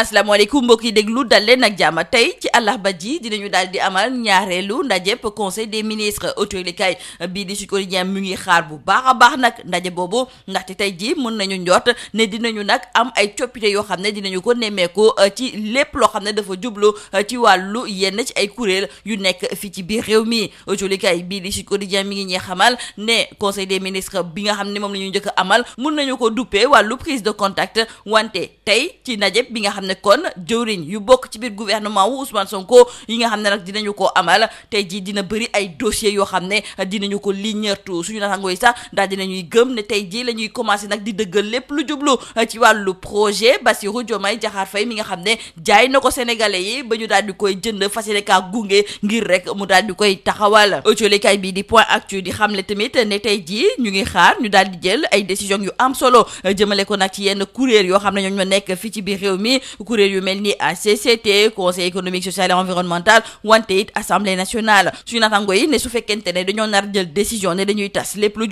asalaamaaleykum mbokk yi déglu dal leen ak jàmm tey ci ba ji dinañu daal di amal ñaareelu ndajeb conseil des ministres autolikaay bii di Sud Quotidien mu ngi xaar bu baax a baax nag ndaje boobu ndaxte tey ji mën nañu njort ne dinañu nag am ay coppite yoo xam ne dinañu ko nemmeeku euh, ci lépp loo xam ne dafa jublu euh, ci wàllu yenn ci ay kuréel yu nekk fii ci biir réew mi autolikaay bii di Sud Quotidien mi ngi ñuy xamal ne conseil des ministres bi nga xam ne moom la ñu njëkk amal mën nañu ko duppee wàllu prise de contact wante tey ci bi nga xam ne kon jëwriñ yu bokk ci biir gouvernement wu Ousmane Sonko yi nga xam ne nag dinañu ko amal tey jii dina bëri ay dossiers yoo xam ne dinañu ko liñeertu suñu naataango yi sax daal dinañuy gëm ne tey jii la ñuy commencé nag di dëggal lépp lu jublu ci wàllu projet Bassirou Diomaye jaxaar Faye mi nga xam ne jaay na ko sénégalais yi ba ñu daal di koy jënd fas yéene kaa gunge ngir rek mu daal di koy taxawal ëccolikaay bii di point actu di xam xamle tamit ne tey jii ñu ngi xaar ñu daal di jël ay décision yu am solo jëmale ko nag ci yenn kuréel yoo xam ne ñoom ñoo nekk fii ci biir réew mi kuréel yu mel ni ACCT conseil économique social et environnemental wante it assemblée nationale suñu natango yi ne su fekkente ne dañuy tas lépp lu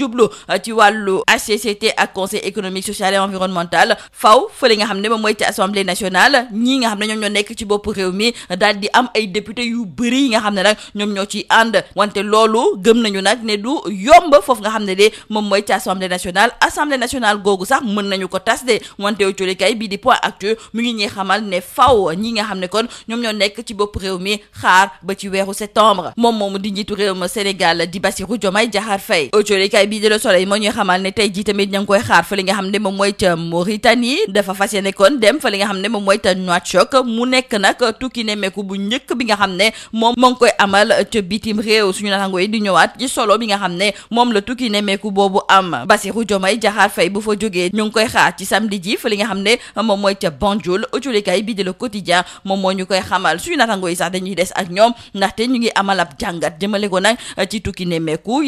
euh, ci wàllu ACCT ak conseil économique social et environnemental faw fële nga xam ne moom mooy ci assemblée nationale ñii nga xam ne ñoom ñoo nekk ci bopp réew mi daal di am ay député yu bëri nga xam ne nag ñoom ñoo ciy ànd wante loolu gëm nañu nag ne du yomb foofu nga xam ne de moom mooy ci assemblée nationale assemblée xamal ne faw ñi nga xam ne kon ñoom ñoo nekk ci bopp réew mi xaar ba ci weeru septembre moom moomu di njiitu réew ma Sénégal di Bassirou Diomaye Diakhar Faye autolikaay bii di Le Soleil moo ñuy xamal ne tey jii tamit ña ngi koy xaar fa li nga xam ne moom mooy ca Mauritanie dafa fas yéene kon dem fa li nga xam ne moom mooy ca Nouakchott mu nekk nag tukki nemmeeku bu njëkk bi nga xam ne moom moo ngi koy amal ca bitim réew suñu natango yi di ñëwaat ci solo bi nga xam ne moom la tukki nemmeeku boobu am Bassirou Diomaye Diakhar Faye bu fa jógee ñu ngi koy xaar ci samedi ji fa li nga xam ne moom mooy Banjul culikay bi di le quotidien moom moo ñu koy xamal suñu natango yi sax dañuy des ak ñoom ndaxte ñu ngi amal ab jàngat jëmale ko nag ci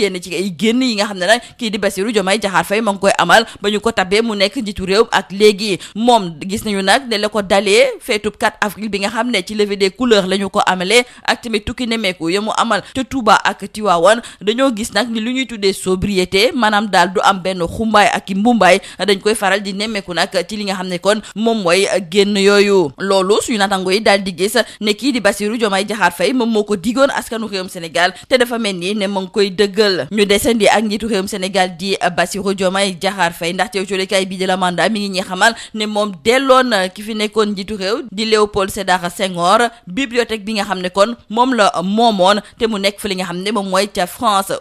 yenn ci ay génn yi nga xam ne nag kii di Bassirou Diomaye Diakhar Faye ba ñu ko tabee mu nekk njiitu réew ak léegi moom gis nañu ne la ko dalee feetub 4 avril bi nga xam ne ci levée des couleurs la ñu ko amalee ak tamit tukki nemmeeku ya mu amal te Touba ak Tiwaawan dañoo gis nag ni lu ñuy tuddee sobriété maanaam daal am benn xumbaay ak i mbumbaay dañ koy faral di nemmeeku nag ci li nga xam ne kon moom mooy génn yooyu loolu suñu natango yi daal di gis ne kii di Bassirou Diomaye Diakhar Faye moom moo ko digoon askanu réewum Sénégal te dafa mel nii ne ma ngi koy dëggal ñu desandi ak njiitu réewum Sénégal di Bassirou Diomaye Diakhar Faye ndax teew colikaay bi di la mandat mi ngi ñuy xamal ne moom delloon ki fi nekkoon njiitu réew di Léopold Sédar Senghor bibliothèque bi nga xam ne kon moom la moomoon te mu nekk fa li nga xam ne moom mooy ca France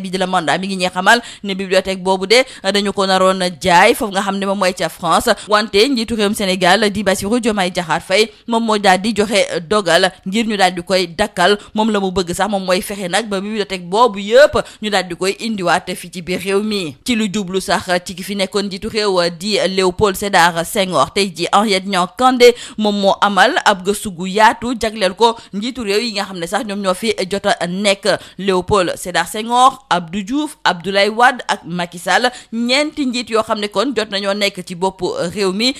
bi di la mandat mi ngi ñuy xamal ne bibliothèque boobu de dañu ko naroon jaay foofu nga xam ne moom mooy ca France wante njiitu Bassirou Diomaye Diakhar Faye moom moo daal di joxe euh, dogal ngir ñu daal di koy dakkal moom la mu bëgg sax moom mooy fexe nag ba mu bibliothèque boobu yëpp ñu daal di koy indiwaat fi ci biir réew mi ci lu jublu sax ci ki fi nekkoon jiitu réew di Léopold Sédar Senghor tey ji Henriette ñoo Kandé moom moo amal ab gëstu gu yaatu jagleel ko njiitu réew yi nga xam ne sax ñoom ñoo fi jot a nekk Léopold Sédar Senghor Abdou Diouf Abdoulaye Wade ak Macky Sall ñeenti njiit yoo xam ne kon jot nañoo nekk ci bopp mi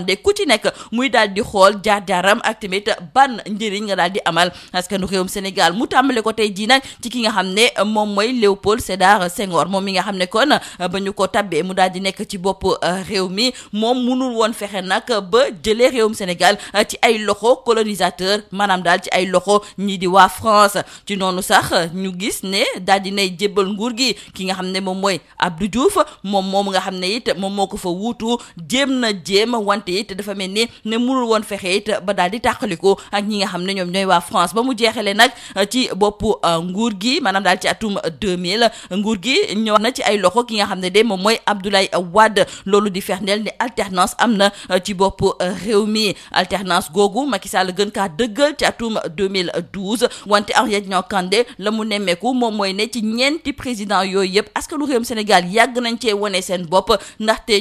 demandé ku ci nekk muy daal di xool jaar-jaaram ak tamit ban njëriñ nga daal di amal askanu réewum Sénégal mu tàmbale ko tey jii nag ci ki nga xam ne moom mooy Léopold Sédar Senghor moom mi nga xam ne kon ba ñu ko mu daal di nekk ci bopp euh, réew mi moom munul woon fexe nag ba jëlee réewum Sénégal euh, ci ay loxo colonisateur maanaam daal ci ay loxo ñii di waa France ci noonu sax ñu gis ne daal di nay jébbal nguur gi ki nga xam ne moom mooy Abdou Diouf moom moom nga xam ne it moom moo ko fa wuutu jéem na jéem wan wante it dafa mel ni ne mënul woon fexe it ba daal di tàqaliko ak ñi nga xam ne ñoom ñooy waa France ba mu jeexalee nag ci bopp euh, nguur gi maanaam daal ci atum 2000 nguur gi ñëw na ci ay loxo ki nga xam ne de moom mooy Abdoulaye Wade loolu di ferndeel ne alternance am na euh, ci bopp euh, réew mi alternance googu Macky Sall gën kaa dëggal ci atum 2012 wante Henriette Niang Kandé la mu nemmeeku moom mooy ne ci ñeenti président yooyu yëpp askanu réewum Sénégal yàgg nañ cee wone seen bopp ndaxte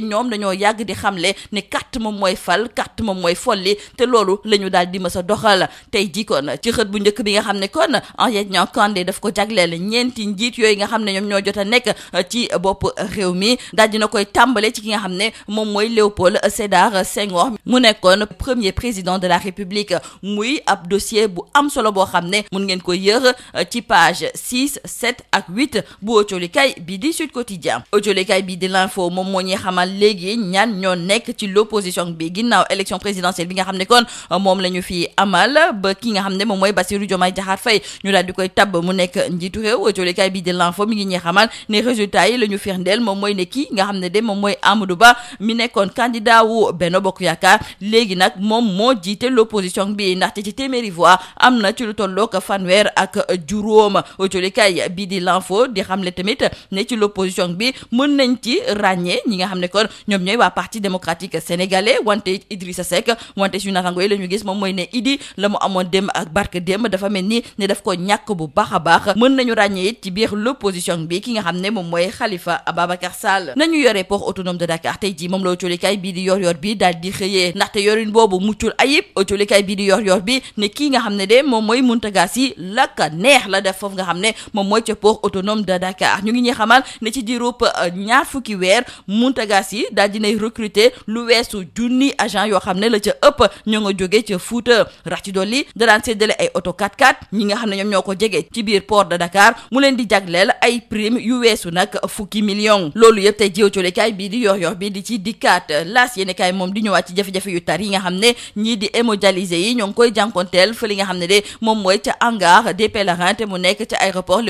moom mooy fal carte moom mooy folli te loolu la ñu di mës a doxal tey ji kon ci xët bu njëkk bi nga xam ne kon Henriette Niang Kandé daf ko jagleel ñeenti njiit yooyu nga xam ne ñoom ñoo jot a nekk ci bopp réew mi daal dina koy tàmbale ci ki nga xam ne moom mooy Léopold Sédar Senghor mu nekkoon premier président de la république muy ab dossier bu am solo boo xam ne mun ngeen ko yër ci page six sept ak huit bu ëccolikaay bi di Sud Quotidien ëccolikaay bi di Song bi ginnaaw élection présidentielle bi nga xam ne kon euh, moom la ñu fi amal ba ki nga xam ne moom mooy Bassirou Diomaye Diakhar Faye ñu daal di koy tabb mu nekk njiitu réew jolikaay bi de l'info mi la ñu firndeel xam ne Ba mi nekkoon candidat wu Benno Bokk Yaakaar léegi nag tamit ne ci l'opposition bi mën nañ ci ràññee ñi nga xam ne kon ñoom ñooy waa Parti démocratique sénégalais sénégalais wante Idrissa Seck wante suñu natango yi la ñu gis moom mooy ne Idi la mu amoon démb ak barke démb dafa mel ni ne daf ko ñàkk bu baax a baax mën nañu ràññee it ci biir l'opposition bi ki nga xam ne moom mooy Khalifa Ababacar Sall nañu yoree port autonome de Dakar tey jii moom la autolikaay bii di yor yor bi daal di xëyee ndaxte yorin boobu muccul di yor yor bi ne kii nga xam ne de moom mooy Mountaga Sy la ka neex la def foofu nga xam ne moom mooy ca port autonome de Dakar ñu ngi ñuy xamal ne ci diirub euh, ñaar fukki weer Mountaga Sy daal dinay recruter lu weesu junni agent yoo xam ne la ca ëpp ñoo nga jógee ca Fuuta rax ci dolli da daan séddale ay oto 4x4 ñi nga xam ne ñoom ñoo ko jege ci biir port de Dakar mu leen di jagleel ay prime yu weesu nag fukki million loolu yëpp tey jiw colekaay bii di yor-yor bi di ci dikkaat laas yéen kaay moom di ñëwaat ci jafe-jafe yu tar yi nga xam ne ñii di hémodialysé yi ñoo ngi koy jànkonteel fa li nga xam ne de moom mooy ca hangar des pèlerins te mu nekk ca aéroport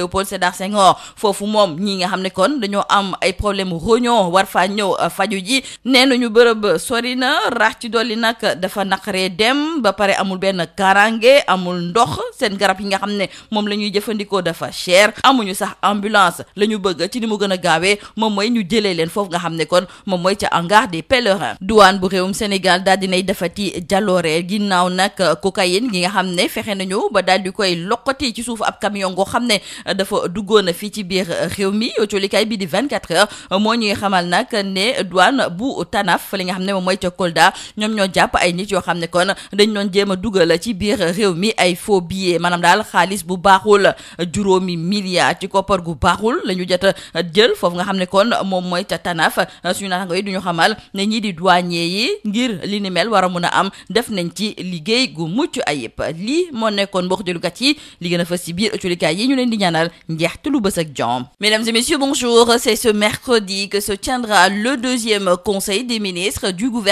na rax ci dolli nag dafa naqaree dem ba pare amul benn karange amul ndox seen garab yi nga xam ne moom la ñuy jëfandikoo dafa cher amuñu sax ambulance la ñu bëgg ci ni mu gën a gaawee moom mooy ñu jëlee leen foofu nga xam ne kon moom mooy ca hangar des pèlerins douane bu réewum Sénégal daal dinay dafati jaloore ginnaaw nag cocaïne gi nga xam ne fexe nañu ba daal di koy loqati ci suuf ab camion goo xam ne dafa duggoon fii ci biir réew mi coolikaay bi di 24 heures moo ñuy xamal nag ne douane bu Tanaf li nga xam ne moom mooy ca Kolda ñoom ñoo jàpp ay nit yoo xam ne kon dañ doon jéem a dugal ci biir réew mi ay faux billets maanaam daal xaalis bu baaxul juróomi milliards ci koppar gu baaxul la ñu jot a jël foofu nga xam ne kon moom mooy ca Tanaf suñu naataango yi du ñu xamal ne ñii di douanier yi ngir li ni mel war a mun a am def nañ ci liggéey gu mucc ayib li moo nekkoon mbokk jëlukat yi li gën a fës ci biir yi ñu leen di ñaanal njeexte lu bës ak jom. Mesdames et messieurs, bonjour. C'est ce mercredi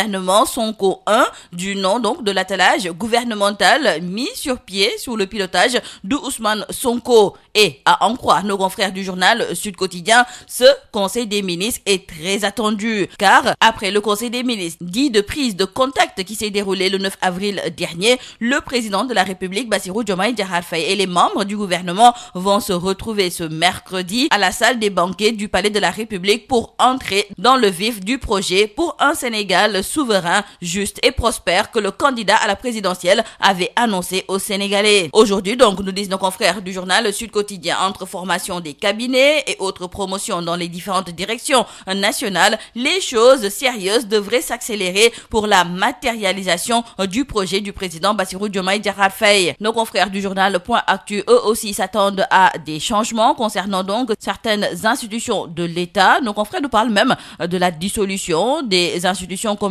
gouvernement Sonko 1 du nom donc de l'attelage gouvernemental mis sur pied sous le pilotage de Ousmane Sonko. Et à en croire nos confrères du journal Sud Quotidien, ce Conseil des ministres est très attendu car après le Conseil des ministres dit de prise de contact qui s'est déroulé le avril dernier, le président de la République Bassirou Diomaye Diakhar Faye et les membres du gouvernement vont se retrouver ce mercredi à la salle des banquets du Palais de la République pour entrer souverain, juste et prospère que le candidat à la présidentielle avait annoncé aux Sénégalais. Aujourd'hui, donc, nous disent nos confrères du journal Sud Quotidien, entre formation des cabinets et autres promotions dans les différentes directions nationales, les choses sérieuses devraient s'accélérer pour la matérialisation du projet du président Bassirou Diomaye Diarra Nos confrères du journal eux aussi, s'attendent à des changements concernant donc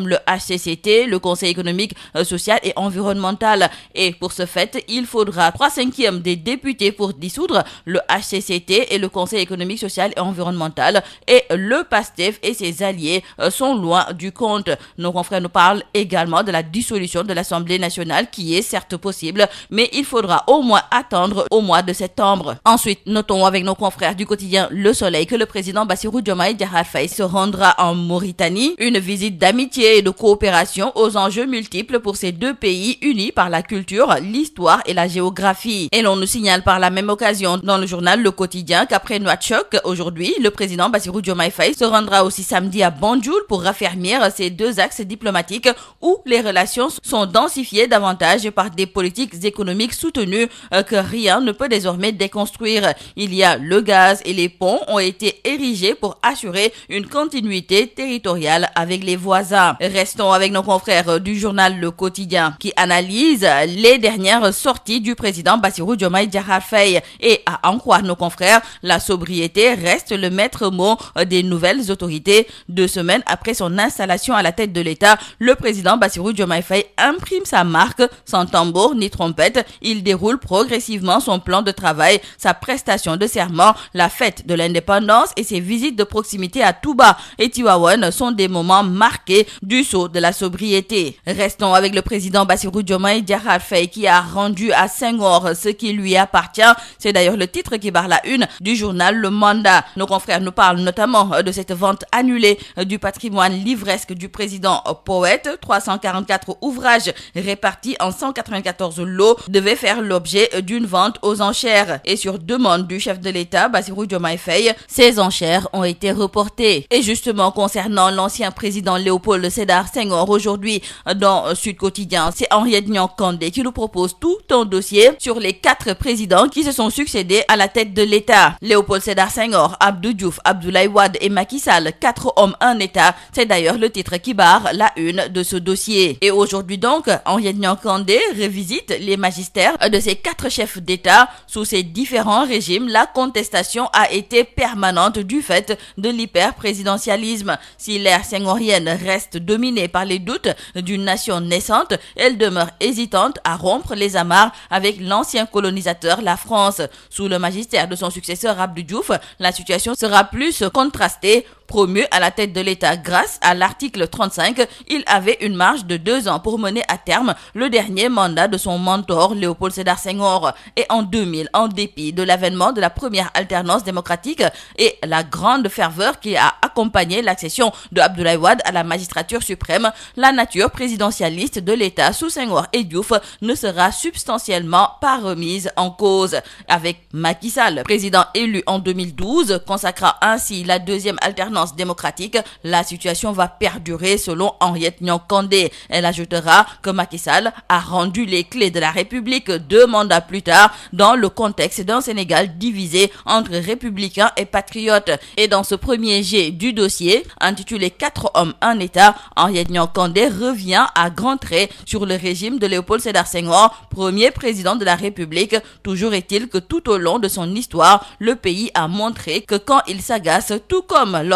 comme le HCCT, le Conseil économique, euh, social et environnemental. Et pour ce fait, il faudra 3 cinquièmes des députés pour dissoudre le HCCT et le Conseil économique, social et environnemental. Et le PASTEF et ses alliés euh, sont loin du compte. Nos confrères nous parlent également de la dissolution de l'Assemblée nationale qui est certes possible, mais il faudra au moins attendre au mois de septembre. Ensuite, notons avec nos confrères du quotidien Le Soleil que le président et de coopération aux enjeux multiples pour ces deux pays unis par la culture, l'histoire et la géographie. Et l'on nous signale par la même occasion dans le journal Le Quotidien qu'après Noachok, aujourd'hui, le président Bassirou Diomaye Faye se rendra aussi samedi à Banjul pour raffermir ces deux axes diplomatiques où les relations sont densifiées davantage par des politiques économiques soutenues euh, que rien ne peut désormais déconstruire. Il y a le gaz Restons avec nos confrères du journal Le Quotidien qui analyse les dernières sorties du président Bassirou Diomaye Diakhar et à en croire nos confrères, la sobriété reste le maître mot des nouvelles autorités. Deux semaines après son installation à la tête de l'État, le président Bassirou Diomaye Faye imprime sa marque sans tambour ni trompette. Il déroule progressivement son plan de travail, sa prestation de serment, la fête de l'indépendance et ses du sceau de la sobriété. Restons avec le président Bassirou Diomaye Diakhar qui a rendu à Senghor ce qui lui appartient. C'est d'ailleurs le titre qui barre la une du journal Le Mandat. Nos confrères nous parlent notamment de cette vente annulée du patrimoine livresque du président poète. ouvrages répartis en 194 devaient faire l'objet d'une vente aux enchères. Et sur demande du chef de l'État, Bassirou Diomaye Faye, ces enchères ont été reportées. Et justement, Sédar Senghor aujourd'hui euh, dans euh, Sud Quotidien. C'est Henriette Niang Kandé qui nous propose tout un dossier sur les quatre présidents qui se sont succédés à la tête de l'État. Léopold Sédar Senghor, Abdou Diouf, et Macky quatre hommes, un État. C'est d'ailleurs le titre qui barre la une de ce dossier. Et aujourd'hui donc, Henriette Niang Kandé revisite les magistères de ces quatre chefs d'État sous ces différents régimes. La contestation a été permanente du fait de lhyper dominée par les doutes d'une nation naissante, elle demeure hésitante à rompre les amarres avec l'ancien colonisateur, la France. Sous le magistère de son successeur Abdou Diouf, la situation sera plus contrastée Promu à la tête de l'État grâce à l'article 35, il avait une marge de deux ans pour mener à terme le dernier mandat de son mentor Léopold Sédar Senghor. Et en en dépit de l'avènement de la première alternance démocratique et la grande ferveur qui a accompagné l'accession de Abdoulaye Wade à la magistrature suprême, la nature présidentialiste de l'État sous Senghor et Diouf ne sera substantiellement pas remise en cause. Avec Macky Sall, président élu en 2012, consacra alternance démocratique, la situation va perdurer selon Henriette Nyan Kandé. Elle ajoutera que Macky Sall a rendu les clés de la République deux mandats plus tard dans le contexte d'un Sénégal divisé entre républicains et patriotes. Et dans ce premier jet du dossier, intitulé Quatre hommes, un État, Henriette Nyan revient à grands traits sur le régime de Léopold Sédar Senghor, premier président de la République. Toujours est-il que tout au long de son histoire, le pays a montré que quand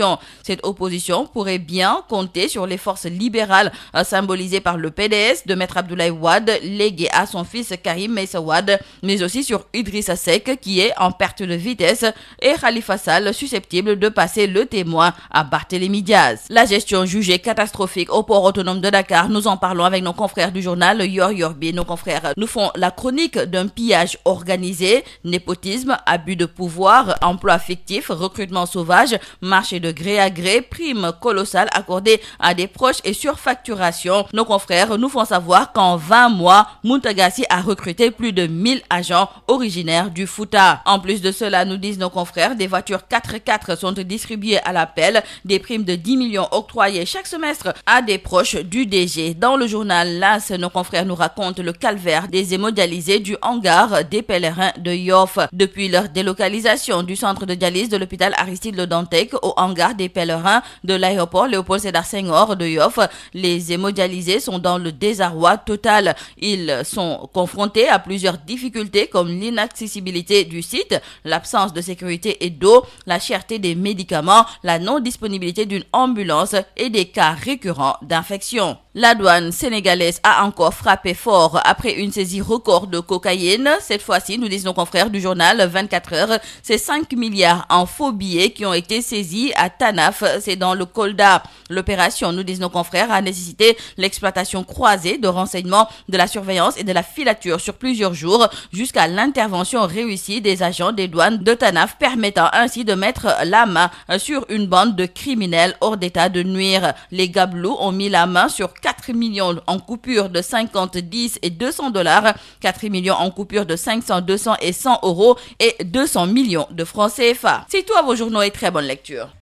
l'opposition. Cette opposition pourrait bien compter sur les forces libérales euh, symbolisées par le PDS de Maître Abdoulaye Wade, légué à son fils Karim Meissa mais aussi sur Idrissa Seck qui est en perte de vitesse et Khalifa Sall susceptible de passer le témoin à Barthélémy Diaz. La gestion jugée catastrophique au port autonome de Dakar, nous en parlons avec nos confrères du journal Yor Yorbi. Nos confrères nous font la chronique d'un pillage organisé, népotisme, de gré à gré, prime colossale accordée à des proches et surfacturation. Nos confrères nous font savoir qu'en 20 mois, Muntagassi a recruté plus de 1000 agents originaires du Fouta. En plus de cela, nous disent nos confrères, des voitures 4 x sont distribuées à l'appel, des primes de 10 millions octroyées chaque semestre à des proches du DG. Dans le journal LAS, nos confrères nous racontent le calvaire des du hangar des pèlerins de Yoff. Depuis gare des pèlerins de l'aéroport Léopold Sédar Senghor de Yoff. Les hémodialysés sont dans le désarroi total. Ils sont confrontés à plusieurs difficultés comme l'inaccessibilité du site, l'absence de sécurité et d'eau, la cherté des médicaments, la non-disponibilité d'une ambulance et des cas récurrents d'infection. La douane sénégalaise a encore frappé fort après une saisie record de cocaïne. Cette fois-ci, nous disons confrères du journal heures, c'est 5 milliards en faux billets qui ont été saisis à Tanaf, c'est dans le Kolda. L'opération, nous disons confrères, a nécessité l'exploitation croisée de renseignements, de la surveillance et de la filature sur plusieurs jours jusqu'à l'intervention réussie des agents des douanes de Tanaf permettant ainsi de une bande de 4 millions en coupure de 50, et dollars, 4 millions en coupure de 500, 200 et 100 euros et 200 millions de francs CFA. C'est tout à vos journaux et très bonne lecture.